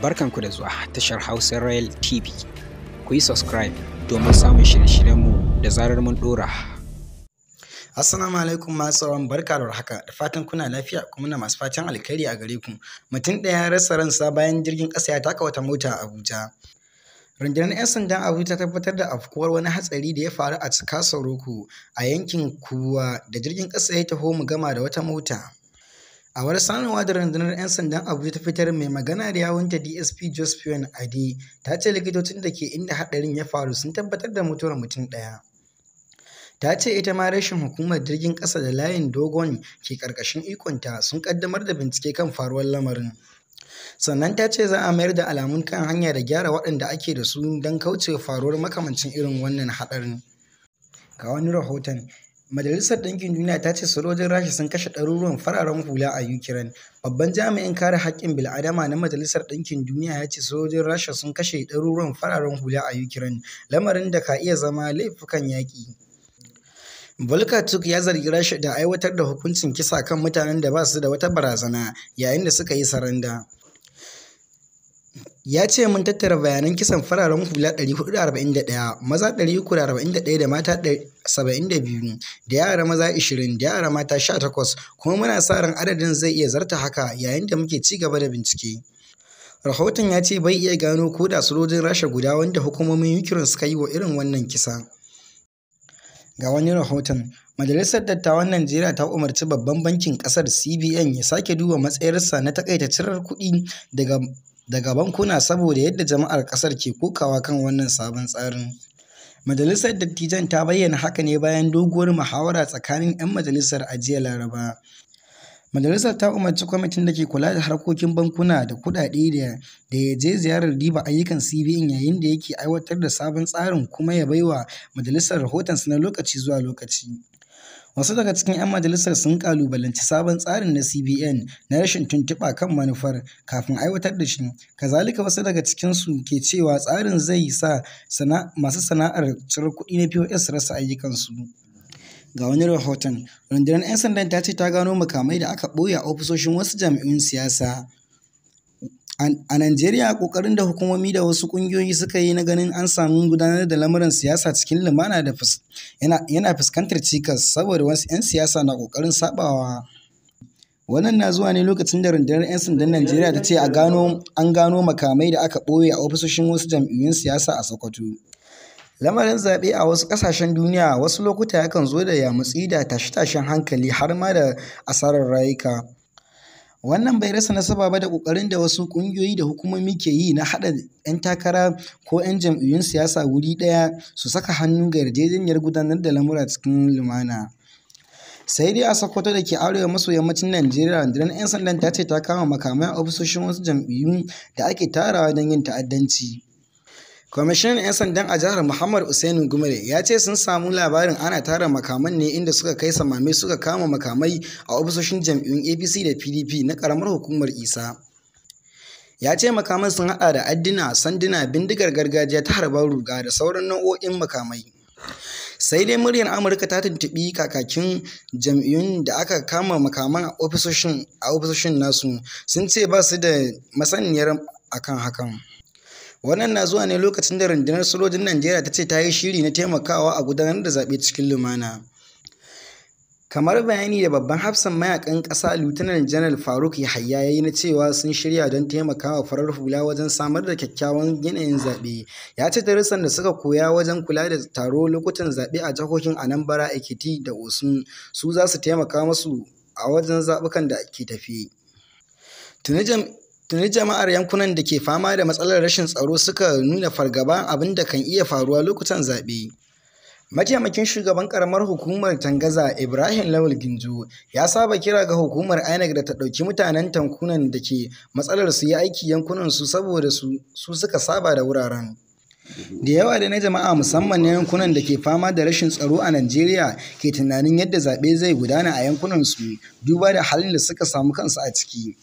barkanku da zuwa tashar Hausa Royal TV. Ku yi subscribe domin samun shirye-shiryenmu da zarar mun dora Assalamu alaikum masu sauran barka da haka da fatan kuna lafiya kuma na masu fatan alkhairi a gare ku. Mutum ɗaya ya rasa ransa bayan jirgin ƙasa ya taka wata mota a Abuja. Rundunar 'yan sandan Abuja ta tabbatar da afkuwar wani hatsari da ya faru a cikin Roku a yankin Kuwa da jirgin ƙasa ya taho mu gama da wata mota. A wani sanarwa da rundunar 'yan sandan Abuja ta fitar mai magana da yawunta DSP Josephine Adi ta ce likitocin da ke inda haɗarin ya faru sun tabbatar da mutuwar mutum ɗaya. Ta ce ita ma rashin hukumar jirgin ƙasa da layin dogon ke ƙarƙashin ikonta sun ƙaddamar da bincike kan faruwar lamarin. sannan ta ce za a mayar da alamun kan hanya da gyara waɗanda ake da su don kaucewa faruwar makamancin irin wannan haɗarin. Ga wani rahoton, Majalisar Ɗinkin Duniya ta ce sojojin Rasha sun kashe ɗaruruwan fararen hula a Ukraine. Babban jami'in kare haƙƙin bil'adama na Majalisar Ɗinkin Duniya ya ce sojojin Rasha sun kashe ɗaruruwan fararen hula a Ukraine, lamarin da ka iya zama laifukan yaƙi. Volkatuk ya zargi Rasha da aiwatar da hukuncin kisa kan mutanen da ba su da wata barazana yayin da suka yi saranda. ya ce mun tattara bayanan kisan fararen hula 441 maza 341 da mata 72 da yara maza 20 da yara mata 18 kuma muna sa ran adadin zai iya zarta haka yayin da muke ci gaba da bincike rahoton ya ce bai iya gano ko da sojojin rasha guda wanda hukumomin ukraine suka yi wa irin wannan kisa ga wani rahoton Majalisar Dattawan Najeriya ta umarci Babban Bankin Ƙasar CBN ya sake duba matsayarsa na takaita cirar kuɗi daga daga bankuna saboda yadda jama'ar ƙasar ke kokawa kan wannan sabon tsarin. Majalisar Dattijan ta bayyana haka ne bayan doguwar muhawara tsakanin 'yan majalisar Ajiya Laraba. Majalisar ta umarci kwamitin da ke kula da harkokin bankuna da kuɗaɗe da ya je ziyarar diba ayyukan CBN yayin da yake aiwatar da sabon tsarin kuma ya baiwa majalisar rahotonsa na lokaci zuwa lokaci. Wasu daga cikin 'yan majalisar sun ƙalubalanci sabon tsarin na CBN na rashin tuntuɓa kan manufar kafin aiwatar da shi, kazalika wasu daga cikinsu ke cewa tsarin zai sa masu sana'ar cirar kuɗi na POS su rasa ayyukansu. ga wani rahoton rundunar 'yan sandan ta ce ta gano makamai da aka ɓoye a ofisoshin wasu jami'un siyasa A Najeriya ƙoƙarin da hukumomi da wasu ƙungiyoyi suka yi na ganin an samu gudanar da lamuran siyasa cikin lumana da yana fuskantar cikas saboda wasu 'yan siyasa na kokarin saɓawa. Wannan na zuwa ne lokacin da rundunar 'yan sandan Najeriya ta ce a gano an gano makamai da aka ɓoye a ofisoshin wasu jam'iyyun siyasa a Sokoto. Lamarin zaɓe a wasu ƙasashen duniya wasu lokuta yakan zo da yamutsi da tashe-tashen hankali har ma da asarar rayuka. Wannan bai rasa nasaba ba da ƙoƙarin da wasu ƙungiyoyi da hukumomi ke yi na haɗa 'yan takara ko 'yan jam'iyyun siyasa wuri ɗaya su saka hannu ga yarjejeniyar gudanar da lamura cikin lumana. sai dai a sokoto da ke arewa maso yammacin najeriya rundunar 'yan sandan ta ce ta kama makamai a ofisoshin wasu jam'iyyun da ake tarawa don yin ta'addanci Kwamishinan 'yan sandan a jihar Muhammad Usainu Gumare ya ce sun samu labarin ana tara makaman ne inda suka kai samame suka kama makamai a ofisoshin jam'iyyun APC da PDP na karamar hukumar Isa. Ya ce makaman sun haɗa da addina, sanduna, bindigar gargajiya ta harbar ruga da sauran nau'o'in makamai. Sai dai muryar Amurka ta tuntuɓi kakakin jam'iyyun da aka kama makaman a ofisoshin nasu sun ce ba su da masaniyar akan hakan. Wannan na zuwa ne lokacin da rundunar sojojin Najeriya ta ce ta yi shiri na taimakawa a gudanar da zaɓe cikin lumana. Kamar bayani da babban hafsan mayakan ƙasa Lieutenant General Faruk Yahaya ya yi na cewa sun shirya don taimakawa farar hula wajen samar da kyakkyawan yanayin zaɓe. Ya ce darussan da suka koya wajen kula da taro lokutan zaɓe a jihohin Anambra, Ekiti da Osun su za su taimaka masu a wajen zaɓukan da ke tafi. Tuni Tuni jama'ar yankunan da ke fama da matsalar rashin tsaro suka nuna fargaba abin da kan iya faruwa lokutan zaɓe. Mataimakin shugaban karamar hukumar Tangaza Ibrahim Lawal Ginjo ya saba kira ga hukumar INEC da ta ɗauki mutanen tankunan da ke matsalar su yi aiki yankunan su saboda su suka saba da wuraren. Da yawa da na jama'a musamman na yankunan da ke fama da rashin tsaro a Najeriya ke tunanin yadda zaɓe zai gudana a yankunan su duba da halin da suka samu kansu a ciki.